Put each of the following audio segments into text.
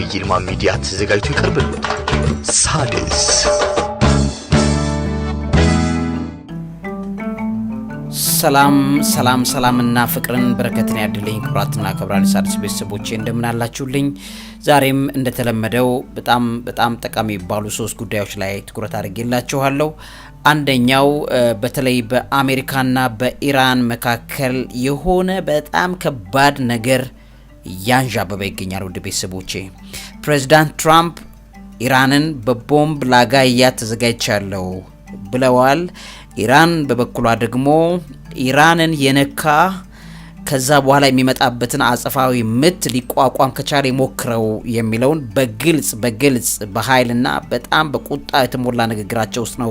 በዐቢይ ይልማ ሚዲያ ተዘጋጅቶ ይቀርብልዎታል። ሣድስ ሰላም ሰላም ሰላምና ፍቅርን በረከትን ያድልኝ። ክብራትና ክብራን ሣድስ ቤተሰቦቼ እንደምናላችሁልኝ፣ ዛሬም እንደተለመደው በጣም በጣም ጠቃሚ የሚባሉ ሶስት ጉዳዮች ላይ ትኩረት አድርጌላችኋለሁ። አንደኛው በተለይ በአሜሪካና በኢራን መካከል የሆነ በጣም ከባድ ነገር እያንዣበበ ይገኛል። ውድ ቤተሰቦቼ ፕሬዚዳንት ትራምፕ ኢራንን በቦምብ ላጋያ ተዘጋጅቻለሁ ብለዋል። ኢራን በበኩሏ ደግሞ ኢራንን የነካ ከዛ በኋላ የሚመጣበትን አጸፋዊ ምት ሊቋቋም ከቻለ ይሞክረው የሚለውን በግልጽ በግልጽ በኃይልና በጣም በቁጣ የተሞላ ንግግራቸው ውስጥ ነው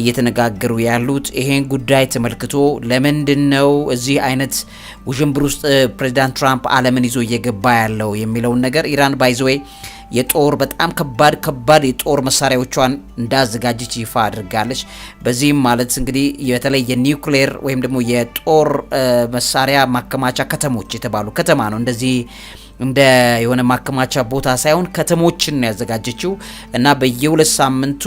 እየተነጋገሩ ያሉት። ይሄን ጉዳይ ተመልክቶ ለምንድን ነው እዚህ አይነት ውዥንብር ውስጥ ፕሬዚዳንት ትራምፕ ዓለምን ይዞ እየገባ ያለው የሚለውን ነገር ኢራን ባይዘወይ የጦር በጣም ከባድ ከባድ የጦር መሳሪያዎቿን እንዳዘጋጀች ይፋ አድርጋለች። በዚህም ማለት እንግዲህ በተለይ የኒውክሌር ወይም ደግሞ የጦር መሳሪያ ማከማቻ ከተሞች የተባሉ ከተማ ነው እንደዚህ እንደ የሆነ ማከማቻ ቦታ ሳይሆን ከተሞችን ነው ያዘጋጀችው እና በየሁለት ሳምንቱ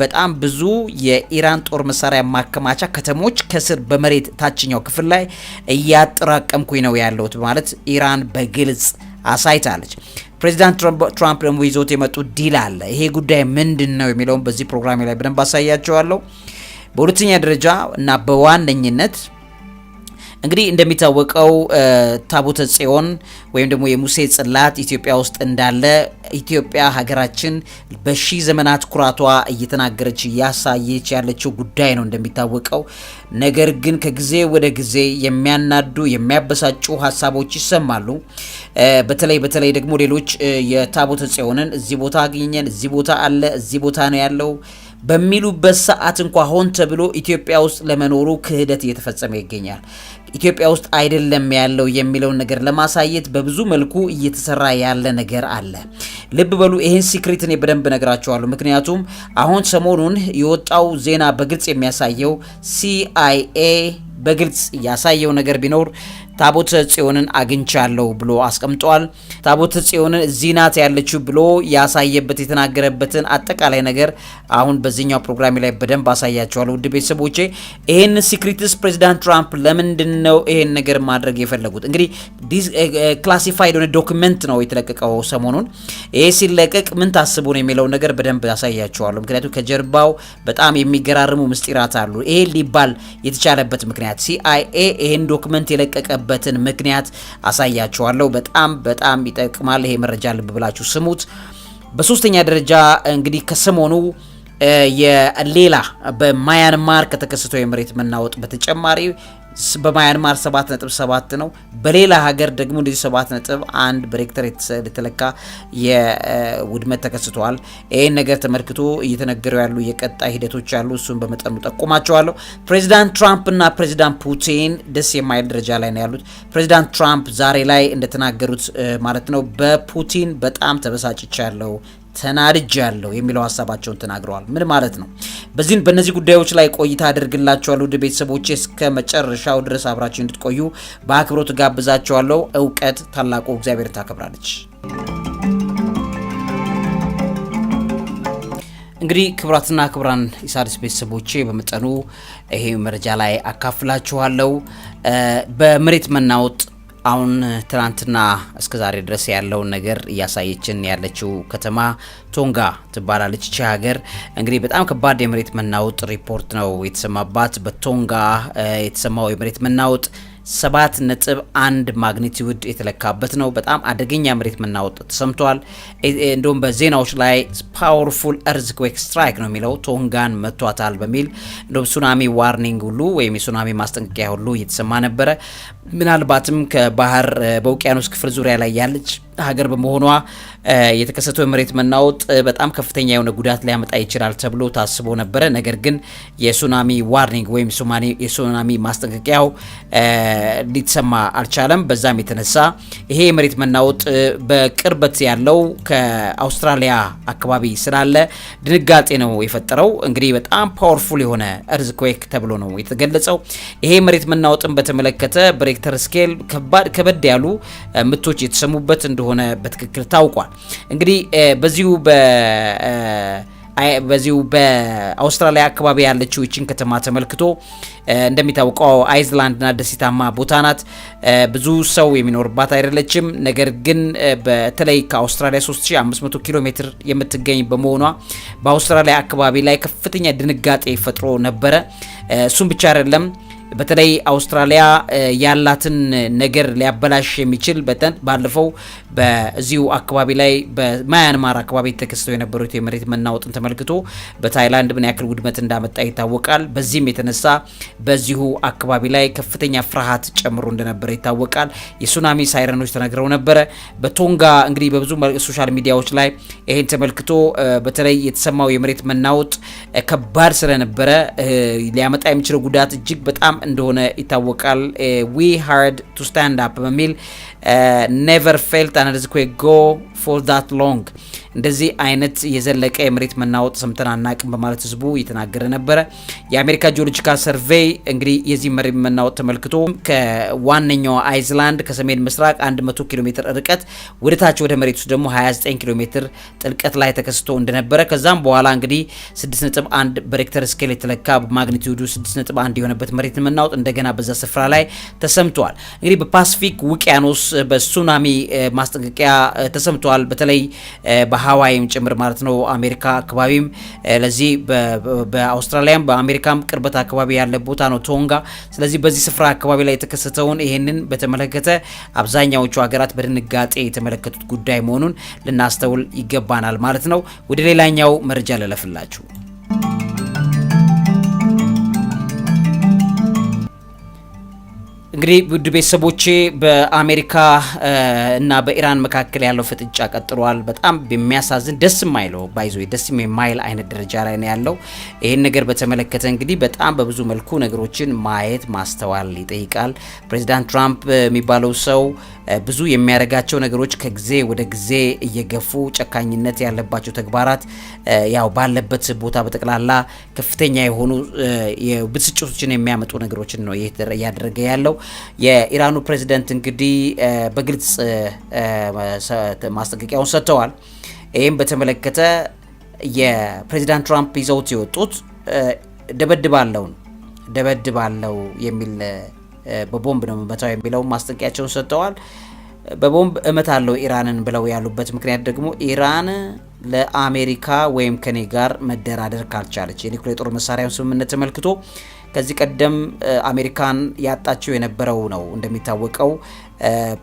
በጣም ብዙ የኢራን ጦር መሳሪያ ማከማቻ ከተሞች ከስር በመሬት ታችኛው ክፍል ላይ እያጠራቀምኩኝ ነው ያለሁት ማለት ኢራን በግልጽ አሳይታለች። ፕሬዚዳንት ትራምፕ ደግሞ ይዞት የመጡት ዲል አለ። ይሄ ጉዳይ ምንድን ነው የሚለውን በዚህ ፕሮግራሜ ላይ በደንብ አሳያቸዋለሁ። በሁለተኛ ደረጃ እና በዋነኝነት እንግዲህ እንደሚታወቀው ታቦተ ጽዮን ወይም ደግሞ የሙሴ ጽላት ኢትዮጵያ ውስጥ እንዳለ ኢትዮጵያ ሀገራችን በሺ ዘመናት ኩራቷ እየተናገረች እያሳየች ያለችው ጉዳይ ነው እንደሚታወቀው። ነገር ግን ከጊዜ ወደ ጊዜ የሚያናዱ የሚያበሳጩ ሀሳቦች ይሰማሉ። በተለይ በተለይ ደግሞ ሌሎች የታቦተ ጽዮንን እዚህ ቦታ አግኘን፣ እዚህ ቦታ አለ፣ እዚህ ቦታ ነው ያለው በሚሉበት ሰዓት እንኳ ሆን ተብሎ ኢትዮጵያ ውስጥ ለመኖሩ ክህደት እየተፈጸመ ይገኛል። ኢትዮጵያ ውስጥ አይደለም ያለው የሚለውን ነገር ለማሳየት በብዙ መልኩ እየተሰራ ያለ ነገር አለ። ልብ በሉ፣ ይህን ሲክሪት እኔ በደንብ እነግራቸዋለሁ። ምክንያቱም አሁን ሰሞኑን የወጣው ዜና በግልጽ የሚያሳየው ሲአይኤ በግልጽ ያሳየው ነገር ቢኖር ታቦተ ጽዮንን አግኝቻለሁ ብሎ አስቀምጧል። ታቦተ ጽዮንን እዚህ ናት ያለችው ብሎ ያሳየበት የተናገረበትን አጠቃላይ ነገር አሁን በዚህኛው ፕሮግራሜ ላይ በደንብ አሳያቸዋል። ውድ ቤተሰቦቼ ይህን ሲክሪትስ ፕሬዚዳንት ትራምፕ ለምንድን ነው ይሄን ነገር ማድረግ የፈለጉት? እንግዲህ ክላሲፋይድ የሆነ ዶክመንት ነው የተለቀቀው ሰሞኑን። ይሄ ሲለቀቅ ምን ታስቡ ነው የሚለውን ነገር በደንብ ያሳያቸዋለሁ። ምክንያቱም ከጀርባው በጣም የሚገራርሙ ምስጢራት አሉ። ይሄ ሊባል የተቻለበት ምክንያት ሲአይኤ ይህን ዶክመንት የለቀቀ የሆነበትን ምክንያት አሳያችኋለሁ። በጣም በጣም ይጠቅማል ይሄ መረጃ፣ ልብ ብላችሁ ስሙት። በሶስተኛ ደረጃ እንግዲህ ከሰሞኑ ሌላ በማያንማር ከተከሰተው የመሬት መናወጥ በተጨማሪ በማያንማር 7.7 ነው። በሌላ ሀገር ደግሞ እንደዚህ 7.1 በሬክተር የተለካ የውድመት ተከስተዋል። ይህን ነገር ተመልክቶ እየተነገሩ ያሉ የቀጣይ ሂደቶች አሉ። እሱን በመጠኑ ጠቁማቸዋለሁ። ፕሬዚዳንት ትራምፕ እና ፕሬዚዳንት ፑቲን ደስ የማይል ደረጃ ላይ ነው ያሉት። ፕሬዚዳንት ትራምፕ ዛሬ ላይ እንደተናገሩት ማለት ነው በፑቲን በጣም ተበሳጭቻለሁ ተናድጃለሁ የሚለው ሀሳባቸውን ተናግረዋል። ምን ማለት ነው? በዚህን በእነዚህ ጉዳዮች ላይ ቆይታ አድርግላቸዋለሁ። ውድ ቤተሰቦቼ እስከ መጨረሻው ድረስ አብራችሁ እንድትቆዩ በአክብሮት ጋብዛቸዋለሁ። እውቀት ታላቁ እግዚአብሔር ታከብራለች። እንግዲህ ክብራትና ክብራን የሣድስ ቤተሰቦቼ በመጠኑ ይሄ መረጃ ላይ አካፍላችኋለሁ። በመሬት መናወጥ አሁን ትናንትና እስከ ዛሬ ድረስ ያለውን ነገር እያሳየችን ያለችው ከተማ ቶንጋ ትባላለች። ይቺ ሀገር እንግዲህ በጣም ከባድ የመሬት መናወጥ ሪፖርት ነው የተሰማባት። በቶንጋ የተሰማው የመሬት መናወጥ ሰባት ነጥብ አንድ ማግኒቲዩድ የተለካበት ነው። በጣም አደገኛ መሬት መናወጥ ተሰምቷል። እንዲሁም በዜናዎች ላይ ፓወርፉል እርዝኩዌክ ስትራይክ ነው የሚለው ቶንጋን መቷታል በሚል እንዲሁም ሱናሚ ዋርኒንግ ሁሉ ወይም የሱናሚ ማስጠንቀቂያ ሁሉ እየተሰማ ነበረ። ምናልባትም ከባህር በውቅያኖስ ክፍል ዙሪያ ላይ ያለች ሀገር በመሆኗ የተከሰተው የመሬት መናወጥ በጣም ከፍተኛ የሆነ ጉዳት ሊያመጣ ይችላል ተብሎ ታስቦ ነበረ። ነገር ግን የሱናሚ ዋርኒንግ ወይም የሱናሚ ማስጠንቀቂያው ሊሰማ አልቻለም። በዛም የተነሳ ይሄ የመሬት መናወጥ በቅርበት ያለው ከአውስትራሊያ አካባቢ ስላለ ድንጋጤ ነው የፈጠረው። እንግዲህ በጣም ፓወርፉል የሆነ እርዝኩዌክ ተብሎ ነው የተገለጸው። ይሄ የመሬት መናወጥን በተመለከተ ብሬክ በሬክተር ስኬል ከበድ ያሉ ምቶች የተሰሙበት እንደሆነ በትክክል ታውቋል። እንግዲህ በዚሁ በ በዚሁ በአውስትራሊያ አካባቢ ያለችው ይችን ከተማ ተመልክቶ እንደሚታወቀው አይዝላንድና ደሴታማ ቦታ ናት። ብዙ ሰው የሚኖርባት አይደለችም። ነገር ግን በተለይ ከአውስትራሊያ 3500 ኪሎ ሜትር የምትገኝ በመሆኗ በአውስትራሊያ አካባቢ ላይ ከፍተኛ ድንጋጤ ፈጥሮ ነበረ። እሱም ብቻ አይደለም በተለይ አውስትራሊያ ያላትን ነገር ሊያበላሽ የሚችል በጠን ባለፈው በዚሁ አካባቢ ላይ በማያንማር አካባቢ ተከስተው የነበሩት የመሬት መናወጥን ተመልክቶ በታይላንድ ምን ያክል ውድመት እንዳመጣ ይታወቃል። በዚህም የተነሳ በዚሁ አካባቢ ላይ ከፍተኛ ፍርሃት ጨምሮ እንደነበረ ይታወቃል። የሱናሚ ሳይረኖች ተነግረው ነበረ። በቶንጋ እንግዲህ በብዙ ሶሻል ሚዲያዎች ላይ ይሄን ተመልክቶ በተለይ የተሰማው የመሬት መናወጥ ከባድ ስለነበረ ሊያመጣ የሚችለው ጉዳት እጅግ በጣም እንደሆነ ይታወቃል። ዊ ሃርድ ቱ ስታንድ አፕ በሚል ኔቨር ፌልት አናደዝኩ ጎ ፎር ዛት ሎንግ እንደዚህ አይነት የዘለቀ የመሬት መናወጥ ሰምተን አናቅም በማለት ህዝቡ እየተናገረ ነበረ። የአሜሪካ ጂኦሎጂካል ሰርቬይ እንግዲህ የዚህ መሬት መናወጥ ተመልክቶ ከዋነኛው አይዝላንድ ከሰሜን ምስራቅ 100 ኪሎ ሜትር ርቀት ወደ ታች ወደ መሬት ውስጥ ደግሞ 29 ኪሎ ሜትር ጥልቀት ላይ ተከስቶ እንደነበረ ከዛም በኋላ እንግዲህ 6.1 በሬክተር ስኬል የተለካ ማግኒቲዩዱ 6.1 የሆነበት መሬት መናወጥ እንደገና በዛ ስፍራ ላይ ተሰምቷል። እንግዲህ በፓሲፊክ ውቅያኖስ በሱናሚ ማስጠንቀቂያ ተሰምቷል። ተከስቷል። በተለይ በሀዋይም ጭምር ማለት ነው አሜሪካ አካባቢም ለዚህ በአውስትራሊያም በአሜሪካም ቅርበት አካባቢ ያለ ቦታ ነው ቶንጋ። ስለዚህ በዚህ ስፍራ አካባቢ ላይ የተከሰተውን ይህንን በተመለከተ አብዛኛዎቹ ሀገራት በድንጋጤ የተመለከቱት ጉዳይ መሆኑን ልናስተውል ይገባናል ማለት ነው። ወደ ሌላኛው መረጃ ልለፍላችሁ። እንግዲህ ውድ ቤተሰቦቼ በአሜሪካ እና በኢራን መካከል ያለው ፍጥጫ ቀጥሏል። በጣም የሚያሳዝን ደስ የማይለው ባይዞ ደስ የማይል አይነት ደረጃ ላይ ነው ያለው። ይህን ነገር በተመለከተ እንግዲህ በጣም በብዙ መልኩ ነገሮችን ማየት ማስተዋል ይጠይቃል። ፕሬዚዳንት ትራምፕ የሚባለው ሰው ብዙ የሚያደርጋቸው ነገሮች ከጊዜ ወደ ጊዜ እየገፉ ጨካኝነት ያለባቸው ተግባራት ያው ባለበት ቦታ በጠቅላላ ከፍተኛ የሆኑ ብስጭቶችን የሚያመጡ ነገሮችን ነው እያደረገ ያለው። የኢራኑ ፕሬዚደንት እንግዲህ በግልጽ ማስጠንቀቂያውን ሰጥተዋል። ይህም በተመለከተ የፕሬዚዳንት ትራምፕ ይዘውት የወጡት ደበድባለውን ደበድባለው የሚል በቦምብ ነው መታው የሚለው ማስጠንቀቂያቸውን ሰጥተዋል። በቦምብ አለው ኢራንን ብለው ያሉበት ምክንያት ደግሞ ኢራን ለአሜሪካ ወይም ከኔ ጋር መደራደር ካልቻለች የኒኩሌር ጦር መሳሪያውን ስምምነት ተመልክቶ ከዚህ ቀደም አሜሪካን ያጣቸው የነበረው ነው። እንደሚታወቀው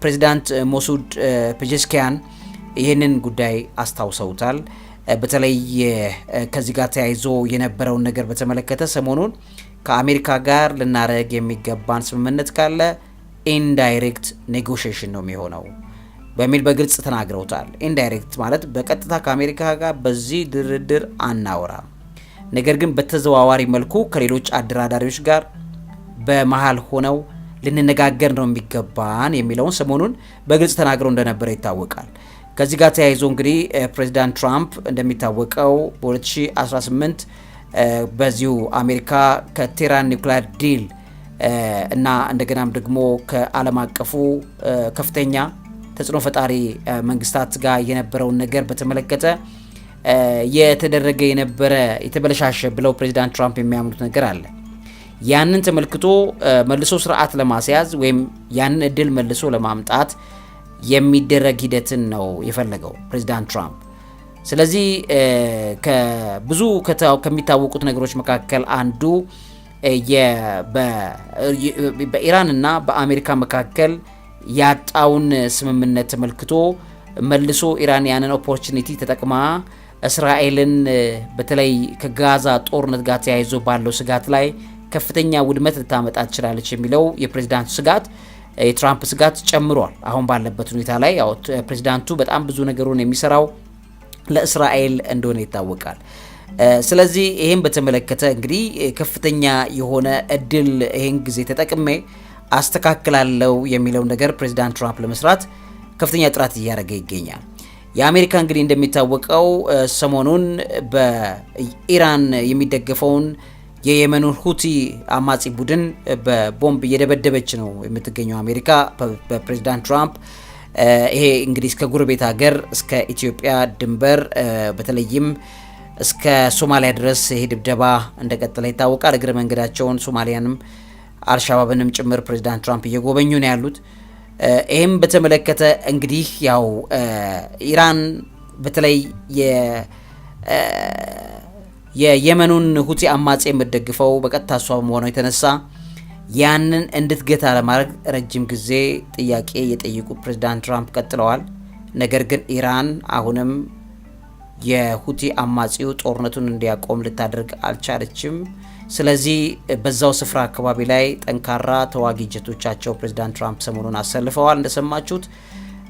ፕሬዚዳንት ሞሱድ ፔጀስኪያን ይህንን ጉዳይ አስታውሰውታል። በተለይ ከዚህ ጋር ተያይዞ የነበረውን ነገር በተመለከተ ሰሞኑን ከአሜሪካ ጋር ልናረግ የሚገባን ስምምነት ካለ ኢንዳይሬክት ኔጎሽሽን ነው የሚሆነው በሚል በግልጽ ተናግረውታል። ኢንዳይሬክት ማለት በቀጥታ ከአሜሪካ ጋር በዚህ ድርድር አናወራም፣ ነገር ግን በተዘዋዋሪ መልኩ ከሌሎች አደራዳሪዎች ጋር በመሀል ሆነው ልንነጋገር ነው የሚገባን የሚለውን ሰሞኑን በግልጽ ተናግረው እንደነበረ ይታወቃል። ከዚህ ጋር ተያይዞ እንግዲህ ፕሬዚዳንት ትራምፕ እንደሚታወቀው በ2018 በዚሁ አሜሪካ ከቴራን ኒውክሊየር ዲል እና እንደገናም ደግሞ ከዓለም አቀፉ ከፍተኛ ተጽዕኖ ፈጣሪ መንግስታት ጋር የነበረውን ነገር በተመለከተ የተደረገ የነበረ የተበለሻሸ ብለው ፕሬዚዳንት ትራምፕ የሚያምኑት ነገር አለ። ያንን ተመልክቶ መልሶ ስርዓት ለማስያዝ ወይም ያንን እድል መልሶ ለማምጣት የሚደረግ ሂደትን ነው የፈለገው ፕሬዚዳንት ትራምፕ። ስለዚህ ብዙ ከሚታወቁት ነገሮች መካከል አንዱ በኢራን እና በአሜሪካ መካከል ያጣውን ስምምነት ተመልክቶ መልሶ ኢራን ያንን ኦፖርቹኒቲ ተጠቅማ እስራኤልን በተለይ ከጋዛ ጦርነት ጋር ተያይዞ ባለው ስጋት ላይ ከፍተኛ ውድመት ልታመጣ ትችላለች የሚለው የፕሬዚዳንቱ ስጋት የትራምፕ ስጋት ጨምሯል። አሁን ባለበት ሁኔታ ላይ ያው ፕሬዚዳንቱ በጣም ብዙ ነገሩን የሚሰራው ለእስራኤል እንደሆነ ይታወቃል። ስለዚህ ይህን በተመለከተ እንግዲህ ከፍተኛ የሆነ እድል ይህን ጊዜ ተጠቅሜ አስተካክላለው የሚለው ነገር ፕሬዚዳንት ትራምፕ ለመስራት ከፍተኛ ጥረት እያደረገ ይገኛል። የአሜሪካ እንግዲህ እንደሚታወቀው ሰሞኑን በኢራን የሚደገፈውን የየመኑን ሁቲ አማጺ ቡድን በቦምብ እየደበደበች ነው የምትገኘው አሜሪካ በፕሬዚዳንት ትራምፕ ይሄ እንግዲህ እስከ ጎረቤት ሀገር እስከ ኢትዮጵያ ድንበር በተለይም እስከ ሶማሊያ ድረስ ይሄ ድብደባ እንደቀጠለ ይታወቃል። እግረ መንገዳቸውን ሶማሊያንም አልሻባብንም ጭምር ፕሬዚዳንት ትራምፕ እየጎበኙ ነው ያሉት። ይህም በተመለከተ እንግዲህ ያው ኢራን በተለይ የየመኑን ሁቲ አማጼ የምትደግፈው በቀጥታ እሷ በመሆኗ የተነሳ ያንን እንድትገታ ለማድረግ ረጅም ጊዜ ጥያቄ የጠየቁ ፕሬዚዳንት ትራምፕ ቀጥለዋል። ነገር ግን ኢራን አሁንም የሁቲ አማጺው ጦርነቱን እንዲያቆም ልታደርግ አልቻለችም። ስለዚህ በዛው ስፍራ አካባቢ ላይ ጠንካራ ተዋጊ ጀቶቻቸው ፕሬዚዳንት ትራምፕ ሰሞኑን አሰልፈዋል እንደሰማችሁት።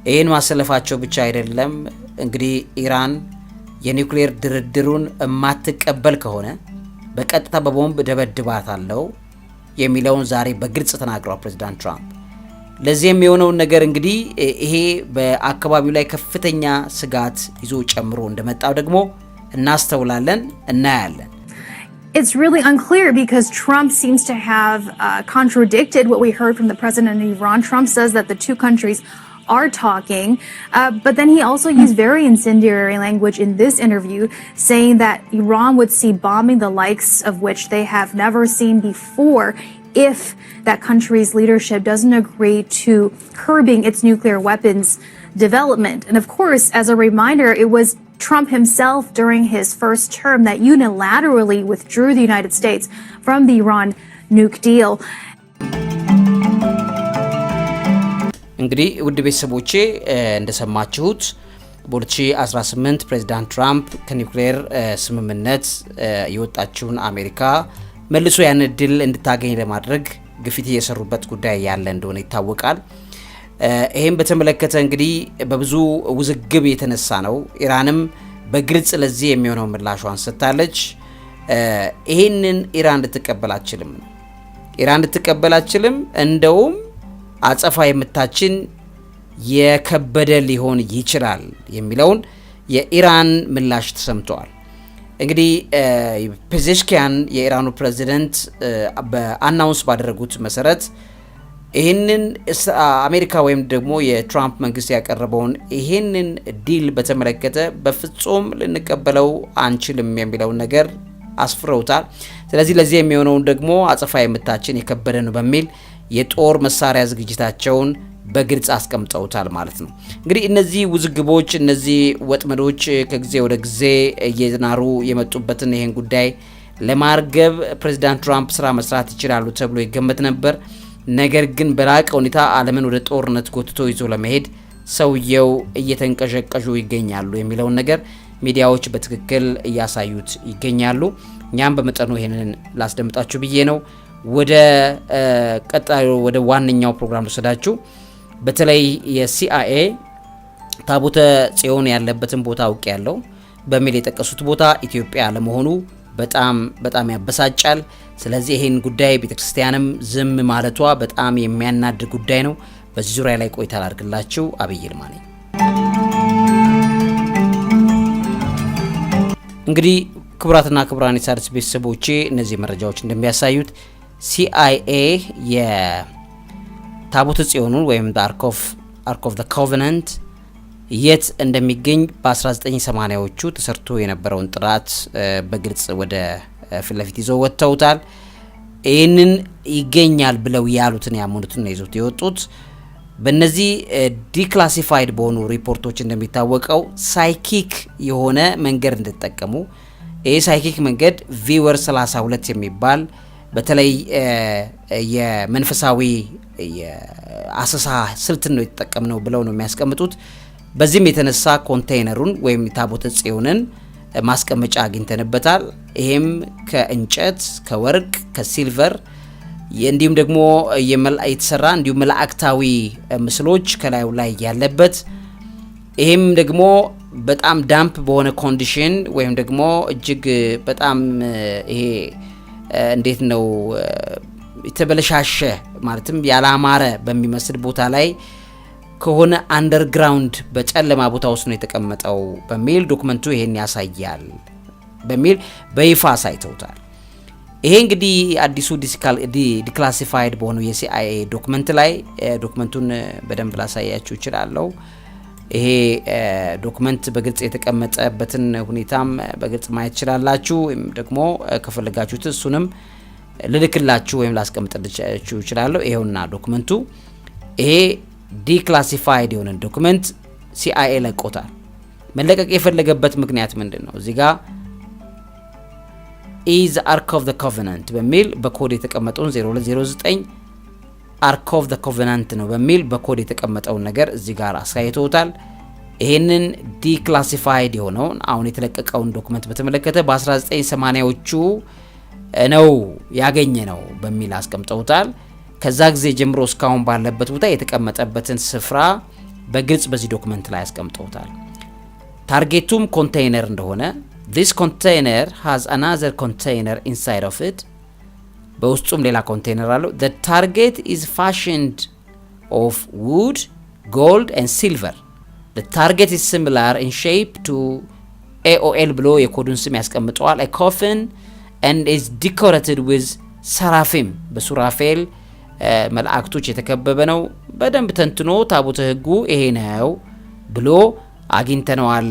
ይህን ማሰለፋቸው ብቻ አይደለም እንግዲህ ኢራን የኒውክሌር ድርድሩን የማትቀበል ከሆነ በቀጥታ በቦምብ ደበድባት አለው የሚለውን ዛሬ በግልጽ ተናግረዋል ፕሬዚዳንት ትራምፕ። ለዚህ የሚሆነውን ነገር እንግዲህ ይሄ በአካባቢው ላይ ከፍተኛ ስጋት ይዞ ጨምሮ እንደመጣው ደግሞ እናስተውላለን፣ እናያለን። It's really unclear because Trump seems to have uh, contradicted what we heard from the president of Iran. Trump says that the two countries are talking. Uh, but then he also used very incendiary language in this interview, saying that Iran would see bombing the likes of which they have never seen before if that country's leadership doesn't agree to curbing its nuclear weapons development. And of course, as a reminder, it was Trump himself during his first term that unilaterally withdrew the United States from the Iran nuke deal. እንግዲህ ውድ ቤተሰቦቼ እንደሰማችሁት በ2018 ፕሬዚዳንት ትራምፕ ከኒውክሌር ስምምነት የወጣችውን አሜሪካ መልሶ ያን እድል እንድታገኝ ለማድረግ ግፊት እየሰሩበት ጉዳይ ያለ እንደሆነ ይታወቃል። ይህም በተመለከተ እንግዲህ በብዙ ውዝግብ የተነሳ ነው። ኢራንም በግልጽ ለዚህ የሚሆነው ምላሿን ሰጥታለች። ይህንን ኢራን ልትቀበል አችልም ኢራን ልትቀበል አችልም እንደውም አጸፋ የምታችን የከበደ ሊሆን ይችላል የሚለውን የኢራን ምላሽ ተሰምተዋል። እንግዲህ ፔዜሽኪያን የኢራኑ ፕሬዚደንት በአናውንስ ባደረጉት መሰረት ይህንን አሜሪካ ወይም ደግሞ የትራምፕ መንግስት ያቀረበውን ይህንን ዲል በተመለከተ በፍጹም ልንቀበለው አንችልም የሚለውን ነገር አስፍረውታል። ስለዚህ ለዚህ የሚሆነውን ደግሞ አጸፋ የምታችን የከበደ ነው በሚል የጦር መሳሪያ ዝግጅታቸውን በግልጽ አስቀምጠውታል ማለት ነው። እንግዲህ እነዚህ ውዝግቦች፣ እነዚህ ወጥመዶች ከጊዜ ወደ ጊዜ እየናሩ የመጡበትን ይህን ጉዳይ ለማርገብ ፕሬዚዳንት ትራምፕ ስራ መስራት ይችላሉ ተብሎ ይገመት ነበር። ነገር ግን በላቀ ሁኔታ ዓለምን ወደ ጦርነት ጎትቶ ይዞ ለመሄድ ሰውየው እየተንቀዠቀዡ ይገኛሉ የሚለውን ነገር ሚዲያዎች በትክክል እያሳዩት ይገኛሉ። እኛም በመጠኑ ይህንን ላስደምጣችሁ ብዬ ነው። ወደ ቀጣዩ ወደ ዋነኛው ፕሮግራም ልወስዳችሁ። በተለይ የሲአይኤ ታቦተ ጽዮን ያለበትን ቦታ አውቅ ያለው በሚል የጠቀሱት ቦታ ኢትዮጵያ ለመሆኑ በጣም በጣም ያበሳጫል። ስለዚህ ይህን ጉዳይ ቤተክርስቲያንም ዝም ማለቷ በጣም የሚያናድ ጉዳይ ነው። በዚህ ዙሪያ ላይ ቆይታ ላድርግላችሁ። አብይ ይልማ ነኝ። እንግዲህ ክቡራትና ክቡራን የሣድስ ቤተሰቦቼ እነዚህ መረጃዎች እንደሚያሳዩት ሲአይኤ የታቦተ ጽዮኑን ወይም አርክ ኦፍ ዘ የት እንደሚገኝ በ1980ዎቹ ተሰርቶ የነበረውን ጥራት በግልጽ ወደ ፊት ለፊት ይዘው ወጥተውታል። ይህንን ይገኛል ብለው ያሉትን ያመኑትን ነው ይዞት የወጡት። በእነዚህ ዲክላሲፋይድ በሆኑ ሪፖርቶች እንደሚታወቀው ሳይኪክ የሆነ መንገድ እንደተጠቀሙ ይህ ሳይኪክ መንገድ ቪወር 32 የሚባል በተለይ የመንፈሳዊ አሰሳ ስልትን ነው የተጠቀምነው ብለው ነው የሚያስቀምጡት። በዚህም የተነሳ ኮንቴይነሩን ወይም ታቦተ ጽዮንን ማስቀመጫ አግኝተንበታል። ይሄም ከእንጨት፣ ከወርቅ፣ ከሲልቨር እንዲሁም ደግሞ የተሰራ እንዲሁም መላእክታዊ ምስሎች ከላዩ ላይ ያለበት ይሄም ደግሞ በጣም ዳምፕ በሆነ ኮንዲሽን ወይም ደግሞ እጅግ በጣም ይሄ እንዴት ነው የተበለሻሸ ማለትም ያላማረ በሚመስል ቦታ ላይ ከሆነ አንደርግራውንድ በጨለማ ቦታ ውስጥ ነው የተቀመጠው በሚል ዶክመንቱ ይሄን ያሳያል በሚል በይፋ አሳይተውታል። ይሄ እንግዲህ አዲሱ ዲክላሲፋይድ በሆነው የሲአይኤ ዶክመንት ላይ ዶክመንቱን በደንብ ላሳያችሁ ይችላለሁ። ይሄ ዶክመንት በግልጽ የተቀመጠበትን ሁኔታም በግልጽ ማየት ትችላላችሁ። ወይም ደግሞ ከፈለጋችሁት እሱንም ልልክላችሁ ወይም ላስቀምጥላችሁ ይችላለሁ። ይሄውና ዶክመንቱ ይሄ ዲክላሲፋይድ የሆነን ዶክመንት ሲአይኤ ለቆታል። መለቀቅ የፈለገበት ምክንያት ምንድን ነው? እዚህ ጋር ኢዝ አርክ ኦፍ ኮቨናንት በሚል በኮድ የተቀመጠውን 0209 አርክ ኦፍ ዘ ኮቨናንት ነው በሚል በኮድ የተቀመጠውን ነገር እዚህ ጋር አስካይተውታል። ይህንን ዲክላሲፋይድ የሆነውን አሁን የተለቀቀውን ዶክመንት በተመለከተ በ1980ዎቹ ነው ያገኘ ነው በሚል አስቀምጠውታል። ከዛ ጊዜ ጀምሮ እስካሁን ባለበት ቦታ የተቀመጠበትን ስፍራ በግልጽ በዚህ ዶክመንት ላይ አስቀምጠውታል። ታርጌቱም ኮንቴይነር እንደሆነ ዚስ ኮንቴይነር ሃዝ አናዘር ኮንቴይነር ኢንሳይድ ኦፍ ኢት በውስጡም ሌላ ኮንቴነር አለው። ዘ ታርጌት ኢዝ ፋሽንድ ኦፍ ውድ ጎልድ ኤንድ ሲልቨር ዘ ታርጌት ኢዝ ሲሚላር ኢን ሼፕ ቱ ኤኦኤል ብሎ የኮዱን ስም ያስቀምጠዋል። ኤ ኮፍን ኤንድ ኢዝ ዲኮሬትድ ዊዝ ሰራፊም በሱራፌል መላእክቶች የተከበበ ነው። በደንብ ተንትኖ ታቦተ ሕጉ ይሄ ነው ብሎ አግኝተነዋል።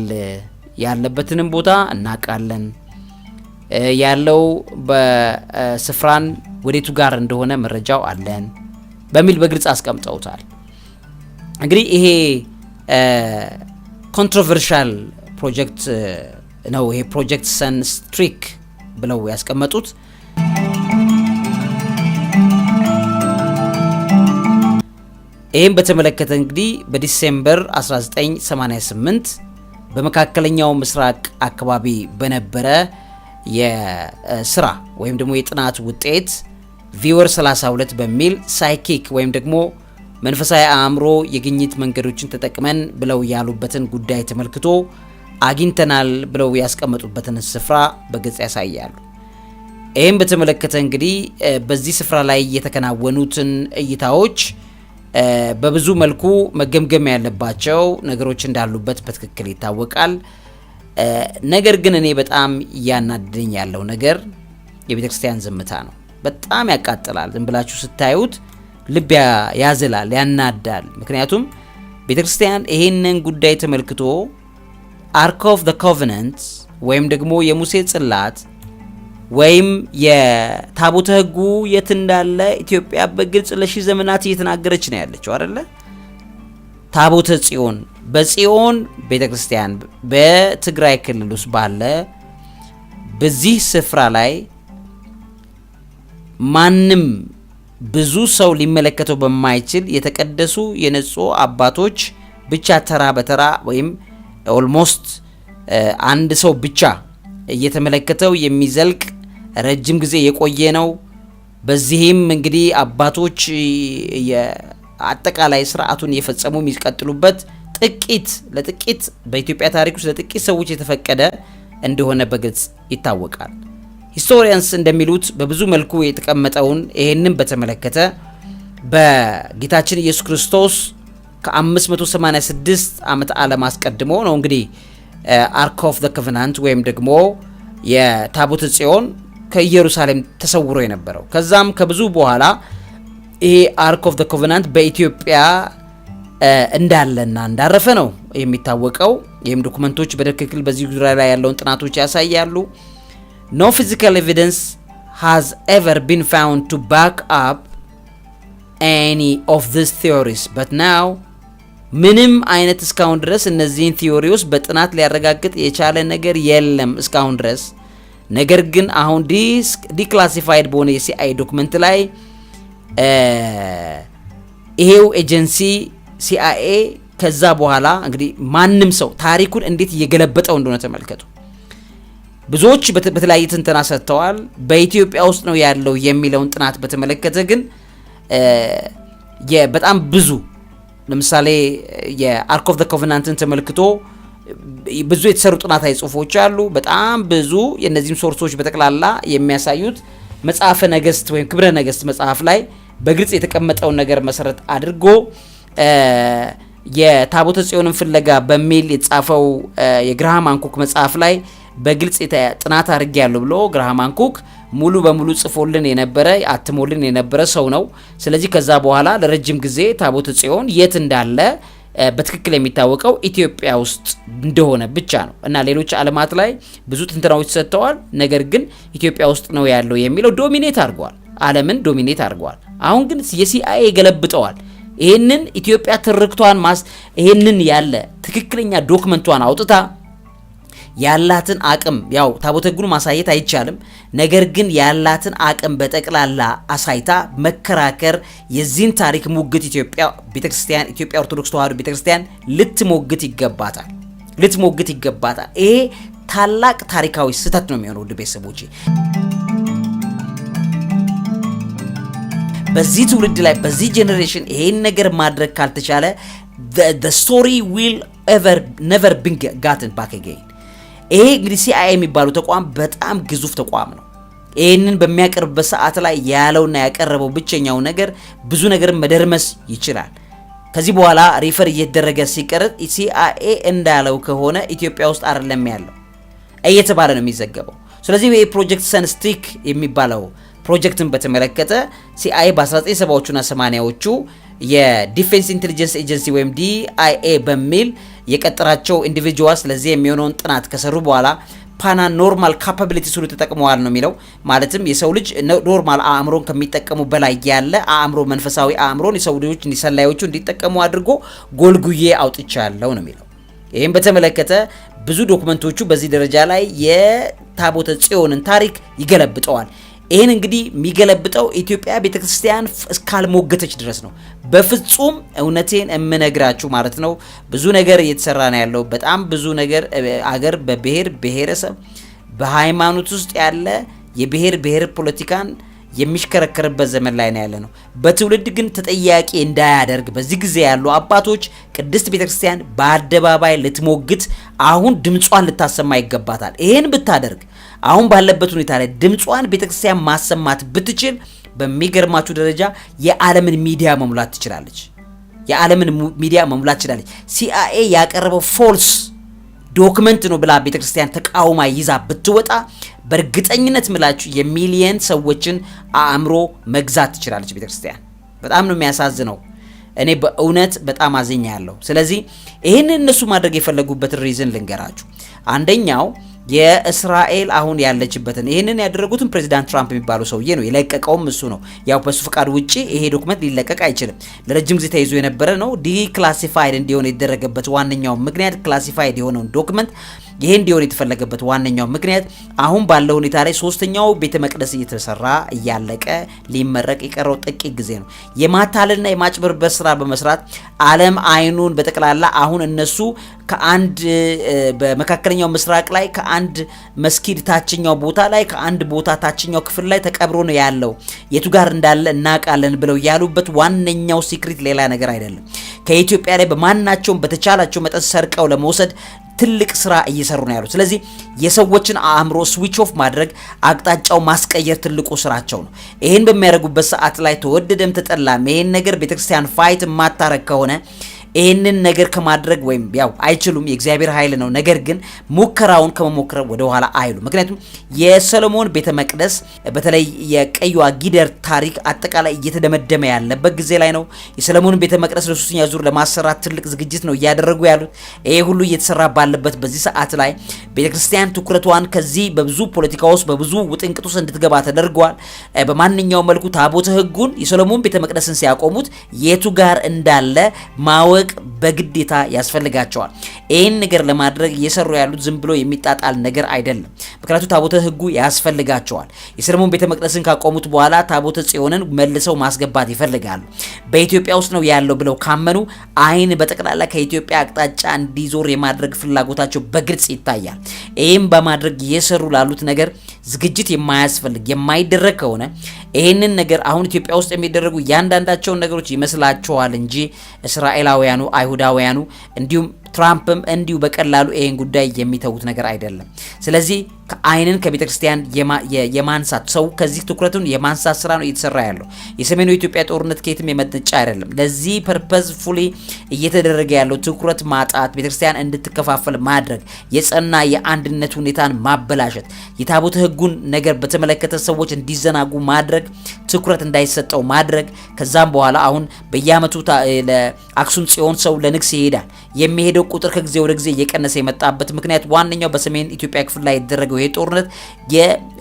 ያለበትንም ቦታ እናውቃለን። ያለው በስፍራን ወዴቱ ጋር እንደሆነ መረጃው አለን በሚል በግልጽ አስቀምጠውታል። እንግዲህ ይሄ ኮንትሮቨርሻል ፕሮጀክት ነው። ይሄ ፕሮጀክት ሰን ስትሪክ ብለው ያስቀመጡት ይህም በተመለከተ እንግዲህ በዲሴምበር 1988 በመካከለኛው ምስራቅ አካባቢ በነበረ የስራ ወይም ደግሞ የጥናት ውጤት ቪወር 32 በሚል ሳይኪክ ወይም ደግሞ መንፈሳዊ አእምሮ የግኝት መንገዶችን ተጠቅመን ብለው ያሉበትን ጉዳይ ተመልክቶ አግኝተናል ብለው ያስቀመጡበትን ስፍራ በግልጽ ያሳያሉ። ይህም በተመለከተ እንግዲህ በዚህ ስፍራ ላይ የተከናወኑትን እይታዎች በብዙ መልኩ መገምገም ያለባቸው ነገሮች እንዳሉበት በትክክል ይታወቃል። ነገር ግን እኔ በጣም እያናደኝ ያለው ነገር የቤተ ክርስቲያን ዝምታ ነው። በጣም ያቃጥላል። ዝም ብላችሁ ስታዩት ልብ ያዝላል፣ ያናዳል። ምክንያቱም ቤተ ክርስቲያን ይሄንን ጉዳይ ተመልክቶ አርክ ኦፍ ዘ ኮቨነንት ወይም ደግሞ የሙሴ ጽላት ወይም የታቦተ ሕጉ የት እንዳለ ኢትዮጵያ በግልጽ ለሺህ ዘመናት እየተናገረች ነው ያለችው አደለ? ታቦተ ጽዮን በጽዮን ቤተ ክርስቲያን በትግራይ ክልል ውስጥ ባለ በዚህ ስፍራ ላይ ማንም ብዙ ሰው ሊመለከተው በማይችል የተቀደሱ የነጹ አባቶች ብቻ ተራ በተራ ወይም ኦልሞስት አንድ ሰው ብቻ እየተመለከተው የሚዘልቅ ረጅም ጊዜ የቆየ ነው። በዚህም እንግዲህ አባቶች አጠቃላይ ስርዓቱን እየፈጸሙ የሚቀጥሉበት ጥቂት ለጥቂት በኢትዮጵያ ታሪክ ውስጥ ለጥቂት ሰዎች የተፈቀደ እንደሆነ በግልጽ ይታወቃል። ሂስቶሪያንስ እንደሚሉት በብዙ መልኩ የተቀመጠውን ይህንም በተመለከተ በጌታችን ኢየሱስ ክርስቶስ ከ586 ዓመተ ዓለም አስቀድሞ ነው እንግዲህ አርክ ኦፍ ዘ ኮቨናንት ወይም ደግሞ የታቦተ ጽዮን ከኢየሩሳሌም ተሰውሮ የነበረው ከዛም ከብዙ በኋላ ይሄ አርክ ኦፍ ዘ ኮቨናንት በኢትዮጵያ እንዳለና እንዳረፈ ነው የሚታወቀው። ይህም ዶኩመንቶች በትክክል በዚህ ዙሪያ ላይ ያለውን ጥናቶች ያሳያሉ። ኖ ፊዚካል ኤቪደንስ ሃዝ ኤቨር ቢን ፋውንድ ቱ ባክ አፕ ኤኒ ኦፍ ዚስ ቲዮሪስ በት ናው ምንም አይነት እስካሁን ድረስ እነዚህን ቲዮሪዎች በጥናት ሊያረጋግጥ የቻለ ነገር የለም እስካሁን ድረስ። ነገር ግን አሁን ዲክላሲፋይድ በሆነ የሲአይ ዶክመንት ላይ ይሄው ኤጀንሲ ሲአይኤ ከዛ በኋላ እንግዲህ ማንም ሰው ታሪኩን እንዴት እየገለበጠው እንደሆነ ተመልከቱ። ብዙዎች በተለያየ ትንተና ሰጥተዋል። በኢትዮጵያ ውስጥ ነው ያለው የሚለውን ጥናት በተመለከተ ግን በጣም ብዙ ለምሳሌ የአርክ ኦፍ ዘ ኮቨናንትን ተመልክቶ ብዙ የተሰሩ ጥናታዊ ጽሁፎች አሉ። በጣም ብዙ የእነዚህም ሶርሶች በጠቅላላ የሚያሳዩት መጽሐፈ ነገስት ወይም ክብረ ነገስት መጽሐፍ ላይ በግልጽ የተቀመጠውን ነገር መሰረት አድርጎ የታቦተ ጽዮንን ፍለጋ በሚል የተጻፈው የግርሃም አንኩክ መጽሐፍ ላይ በግልጽ ጥናት አድርጌ ያለሁ ብሎ ግርሃም አንኩክ ሙሉ በሙሉ ጽፎልን የነበረ አትሞልን የነበረ ሰው ነው። ስለዚህ ከዛ በኋላ ለረጅም ጊዜ ታቦተ ጽዮን የት እንዳለ በትክክል የሚታወቀው ኢትዮጵያ ውስጥ እንደሆነ ብቻ ነው እና ሌሎች ዓለማት ላይ ብዙ ትንተናዎች ሰጥተዋል። ነገር ግን ኢትዮጵያ ውስጥ ነው ያለው የሚለው ዶሚኔት አድርጓል፣ ዓለምን ዶሚኔት አድርጓል። አሁን ግን የሲአይኤ ገለብጠዋል። ይህንን ኢትዮጵያ ትርክቷን ማስ ይህንን ያለ ትክክለኛ ዶክመንቷን አውጥታ ያላትን አቅም ያው ታቦተ ሕጉን ማሳየት አይቻልም። ነገር ግን ያላትን አቅም በጠቅላላ አሳይታ መከራከር የዚህን ታሪክ ሙግት ኢትዮጵያ ቤተክርስቲያን ኢትዮጵያ ኦርቶዶክስ ተዋሕዶ ቤተክርስቲያን ልትሞግት ይገባታል ልትሞግት ይገባታል። ይሄ ታላቅ ታሪካዊ ስህተት ነው የሚሆነው ውድ ቤተሰቦቼ። በዚህ ትውልድ ላይ በዚህ ጄኔሬሽን ይሄን ነገር ማድረግ ካልተቻለ ስቶሪ ዊል ነቨር ቢን ጋትን ባክ አገይን። ይሄ እንግዲህ ሲአይኤ የሚባለው ተቋም በጣም ግዙፍ ተቋም ነው። ይህንን በሚያቀርብበት ሰዓት ላይ ያለውና ያቀረበው ብቸኛው ነገር ብዙ ነገርን መደርመስ ይችላል። ከዚህ በኋላ ሪፈር እየተደረገ ሲቀር ሲአይኤ እንዳለው ከሆነ ኢትዮጵያ ውስጥ አይደለም ያለው እየተባለ ነው የሚዘገበው። ስለዚህ ፕሮጀክት ሰንስቲክ የሚባለው ፕሮጀክትን በተመለከተ ሲአይኤ በ1970ዎቹና 80ዎቹ የዲፌንስ ኢንቴሊጀንስ ኤጀንሲ ወይም ዲአይኤ በሚል የቀጠራቸው ኢንዲቪጁዋልስ ለዚህ የሚሆነውን ጥናት ከሰሩ በኋላ ፓናኖርማል ካፓቢሊቲ ሱሉ ተጠቅመዋል ነው የሚለው። ማለትም የሰው ልጅ ኖርማል አእምሮን ከሚጠቀሙ በላይ ያለ አእምሮ፣ መንፈሳዊ አእምሮን የሰው ልጆች እንዲሰላዮቹ እንዲጠቀሙ አድርጎ ጎልጉዬ አውጥቻለሁ ነው የሚለው። ይህም በተመለከተ ብዙ ዶክመንቶቹ በዚህ ደረጃ ላይ የታቦተ ጽዮንን ታሪክ ይገለብጠዋል። ይህን እንግዲህ የሚገለብጠው ኢትዮጵያ ቤተክርስቲያን እስካልሞገተች ድረስ ነው። በፍጹም እውነቴን የምነግራችሁ ማለት ነው። ብዙ ነገር እየተሰራ ነው ያለው። በጣም ብዙ ነገር አገር በብሔር ብሔረሰብ፣ በሃይማኖት ውስጥ ያለ የብሔር ብሔር ፖለቲካን የሚሽከረከርበት ዘመን ላይ ነው ያለ ነው። በትውልድ ግን ተጠያቂ እንዳያደርግ በዚህ ጊዜ ያሉ አባቶች ቅድስት ቤተክርስቲያን በአደባባይ ልትሞግት፣ አሁን ድምጿን ልታሰማ ይገባታል። ይሄን ብታደርግ አሁን ባለበት ሁኔታ ላይ ድምጿን ቤተክርስቲያን ማሰማት ብትችል በሚገርማችሁ ደረጃ የዓለምን ሚዲያ መሙላት ትችላለች። የዓለምን ሚዲያ መሙላት ትችላለች። ሲአይኤ ያቀረበው ፎልስ ዶክመንት ነው ብላ ቤተክርስቲያን ተቃውማ ይዛ ብትወጣ በእርግጠኝነት ምላችሁ የሚሊየን ሰዎችን አእምሮ መግዛት ትችላለች ቤተክርስቲያን። በጣም ነው የሚያሳዝነው። እኔ በእውነት በጣም አዝኛ ያለው ስለዚህ ይህንን እነሱ ማድረግ የፈለጉበትን ሪዝን ልንገራችሁ። አንደኛው የእስራኤል አሁን ያለችበትን ይህንን ያደረጉትን ፕሬዚዳንት ትራምፕ የሚባሉ ሰውዬ ነው የለቀቀውም እሱ ነው። ያው በሱ ፍቃድ ውጭ ይሄ ዶክመንት ሊለቀቅ አይችልም። ለረጅም ጊዜ ተይዞ የነበረ ነው። ዲክላሲፋይድ እንዲሆን የተደረገበት ዋነኛው ምክንያት ክላሲፋይድ የሆነውን ዶክመንት ይሄ እንዲሆን የተፈለገበት ዋነኛው ምክንያት አሁን ባለው ሁኔታ ላይ ሶስተኛው ቤተ መቅደስ እየተሰራ እያለቀ ሊመረቅ የቀረው ጥቂት ጊዜ ነው። የማታለልና የማጭበርበር ስራ በመስራት ዓለም አይኑን በጠቅላላ አሁን እነሱ ከአንድ በመካከለኛው ምስራቅ ላይ ከአንድ መስጊድ ታችኛው ቦታ ላይ ከአንድ ቦታ ታችኛው ክፍል ላይ ተቀብሮ ነው ያለው። የቱ ጋር እንዳለ እናውቃለን ብለው ያሉበት ዋነኛው ሲክሪት ሌላ ነገር አይደለም። ከኢትዮጵያ ላይ በማናቸውም በተቻላቸው መጠን ሰርቀው ለመውሰድ ትልቅ ስራ እየሰሩ ነው ያሉት። ስለዚህ የሰዎችን አእምሮ ስዊች ኦፍ ማድረግ፣ አቅጣጫው ማስቀየር ትልቁ ስራቸው ነው። ይህን በሚያደርጉበት ሰዓት ላይ ተወደደም ተጠላም ይህን ነገር ቤተክርስቲያን ፋይት የማታረግ ከሆነ ይህንን ነገር ከማድረግ ወይም ያው አይችሉም፣ የእግዚአብሔር ኃይል ነው። ነገር ግን ሙከራውን ከመሞከር ወደኋላ አይሉ። ምክንያቱም የሰሎሞን ቤተ መቅደስ በተለይ የቀዩዋ ጊደር ታሪክ አጠቃላይ እየተደመደመ ያለበት ጊዜ ላይ ነው። የሰሎሞን ቤተ መቅደስ ለሶስተኛ ዙር ለማሰራት ትልቅ ዝግጅት ነው እያደረጉ ያሉት። ይህ ሁሉ እየተሰራ ባለበት በዚህ ሰዓት ላይ ቤተ ክርስቲያን ትኩረቷን ከዚህ በብዙ ፖለቲካ ውስጥ በብዙ ውጥንቅጥ ውስጥ እንድትገባ ተደርጓል። በማንኛውም መልኩ ታቦተ ሕጉን የሰሎሞን ቤተ መቅደስን ሲያቆሙት የቱ ጋር እንዳለ ማወቅ መጠበቅ በግዴታ ያስፈልጋቸዋል። ይህን ነገር ለማድረግ እየሰሩ ያሉት ዝም ብሎ የሚጣጣል ነገር አይደለም። ምክንያቱ ታቦተ ሕጉ ያስፈልጋቸዋል። የሰለሞን ቤተ መቅደስን ካቆሙት በኋላ ታቦተ ጽዮንን መልሰው ማስገባት ይፈልጋሉ። በኢትዮጵያ ውስጥ ነው ያለው ብለው ካመኑ አይን በጠቅላላ ከኢትዮጵያ አቅጣጫ እንዲዞር የማድረግ ፍላጎታቸው በግልጽ ይታያል። ይህም በማድረግ እየሰሩ ላሉት ነገር ዝግጅት የማያስፈልግ የማይደረግ ከሆነ ይህንን ነገር አሁን ኢትዮጵያ ውስጥ የሚደረጉ እያንዳንዳቸውን ነገሮች ይመስላችኋል እንጂ እስራኤላውያኑ አይሁዳውያኑ እንዲሁም ትራምፕም እንዲሁ በቀላሉ ይህን ጉዳይ የሚተዉት ነገር አይደለም። ስለዚህ አይንን ከቤተ ክርስቲያን የማንሳት ሰው ከዚህ ትኩረቱን የማንሳት ስራ ነው እየተሰራ ያለው። የሰሜኑ ኢትዮጵያ ጦርነት ከየትም የመነጨ አይደለም። ለዚህ ፐርፐዝ ፉሊ እየተደረገ ያለው ትኩረት ማጣት፣ ቤተ ክርስቲያን እንድትከፋፈል ማድረግ፣ የጸና የአንድነት ሁኔታን ማበላሸት፣ የታቦተ ህጉን ነገር በተመለከተ ሰዎች እንዲዘናጉ ማድረግ፣ ትኩረት እንዳይሰጠው ማድረግ። ከዛም በኋላ አሁን በየአመቱ ለአክሱም ጽዮን ሰው ለንግስ ይሄዳል የሚሄደው ቁጥር ከጊዜ ወደ ጊዜ እየቀነሰ የመጣበት ምክንያት ዋነኛው በሰሜን ኢትዮጵያ ክፍል ላይ የተደረገው ይሄ ጦርነት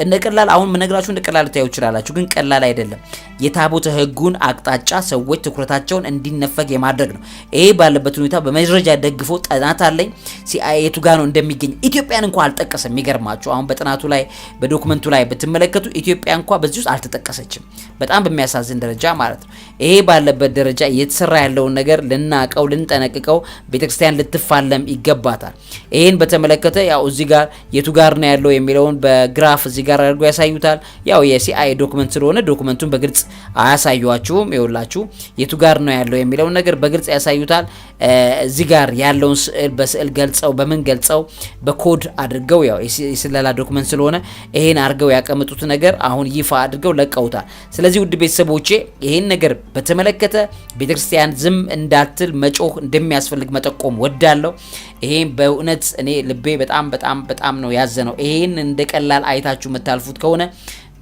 እንደቀላል አሁን ምነግራችሁ እንደቀላል ልታዩ ይችላላችሁ፣ ግን ቀላል አይደለም። የታቦተ ሕጉን አቅጣጫ ሰዎች ትኩረታቸውን እንዲነፈግ የማድረግ ነው። ይሄ ባለበት ሁኔታ በመረጃ ደግፎ ጥናት አለኝ ሲአይኤ ቱ ጋ ነው እንደሚገኝ ኢትዮጵያን እንኳ አልጠቀሰም። የሚገርማችሁ አሁን በጥናቱ ላይ በዶክመንቱ ላይ ብትመለከቱ ኢትዮጵያ እንኳ በዚህ ውስጥ አልተጠቀሰችም። በጣም በሚያሳዝን ደረጃ ማለት ነው። ይሄ ባለበት ደረጃ እየተሰራ ያለውን ነገር ልናቀው፣ ልንጠነቅቀው ቤተክርስቲያን ልትፋለም ይገባታል። ይህን በተመለከተ ያው እዚህ ጋር የቱ ጋር ነው ያለው የሚለውን በግራፍ እዚህ ጋር አድርጎ ያሳዩታል። ያው የሲአይኤ ዶክመንት ስለሆነ ዶክመንቱን በግልጽ አያሳዩዋችሁም። ይውላችሁ የቱ ጋር ነው ያለው የሚለውን ነገር በግልጽ ያሳዩታል። እዚህ ጋር ያለውን ስዕል በስዕል ገልጸው በምን ገልጸው በኮድ አድርገው ያው የስለላ ዶክመንት ስለሆነ ይሄን አድርገው ያቀመጡት ነገር አሁን ይፋ አድርገው ለቀውታል። ስለዚህ ውድ ቤተሰቦቼ ይህን ነገር በተመለከተ ቤተክርስቲያን ዝም እንዳትል መጮህ እንደሚያስፈልግ መጠቆም ወድ እወዳለሁ። ይሄን በእውነት እኔ ልቤ በጣም በጣም በጣም ነው ያዘ ነው። ይሄን እንደ ቀላል አይታችሁ የምታልፉት ከሆነ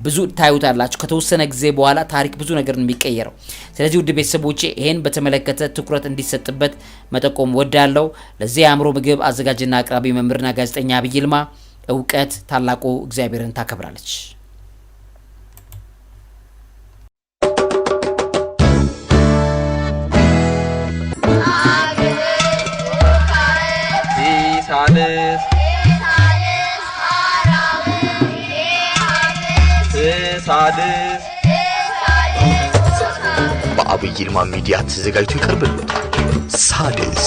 ብዙ ታዩታላችሁ። ከተወሰነ ጊዜ በኋላ ታሪክ ብዙ ነገር የሚቀየረው። ስለዚህ ውድ ቤተሰቦቼ ይሄን በተመለከተ ትኩረት እንዲሰጥበት መጠቆም ወዳለው። ለዚህ የአእምሮ ምግብ አዘጋጅና አቅራቢ መምህርና ጋዜጠኛ ዐቢይ ይልማ። እውቀት ታላቁ እግዚአብሔርን ታከብራለች። ሀብስ ሳድስ በአብይ ይልማ ሚዲያ ተዘጋጅቶ ይቀርብልዎታል። ሳድስ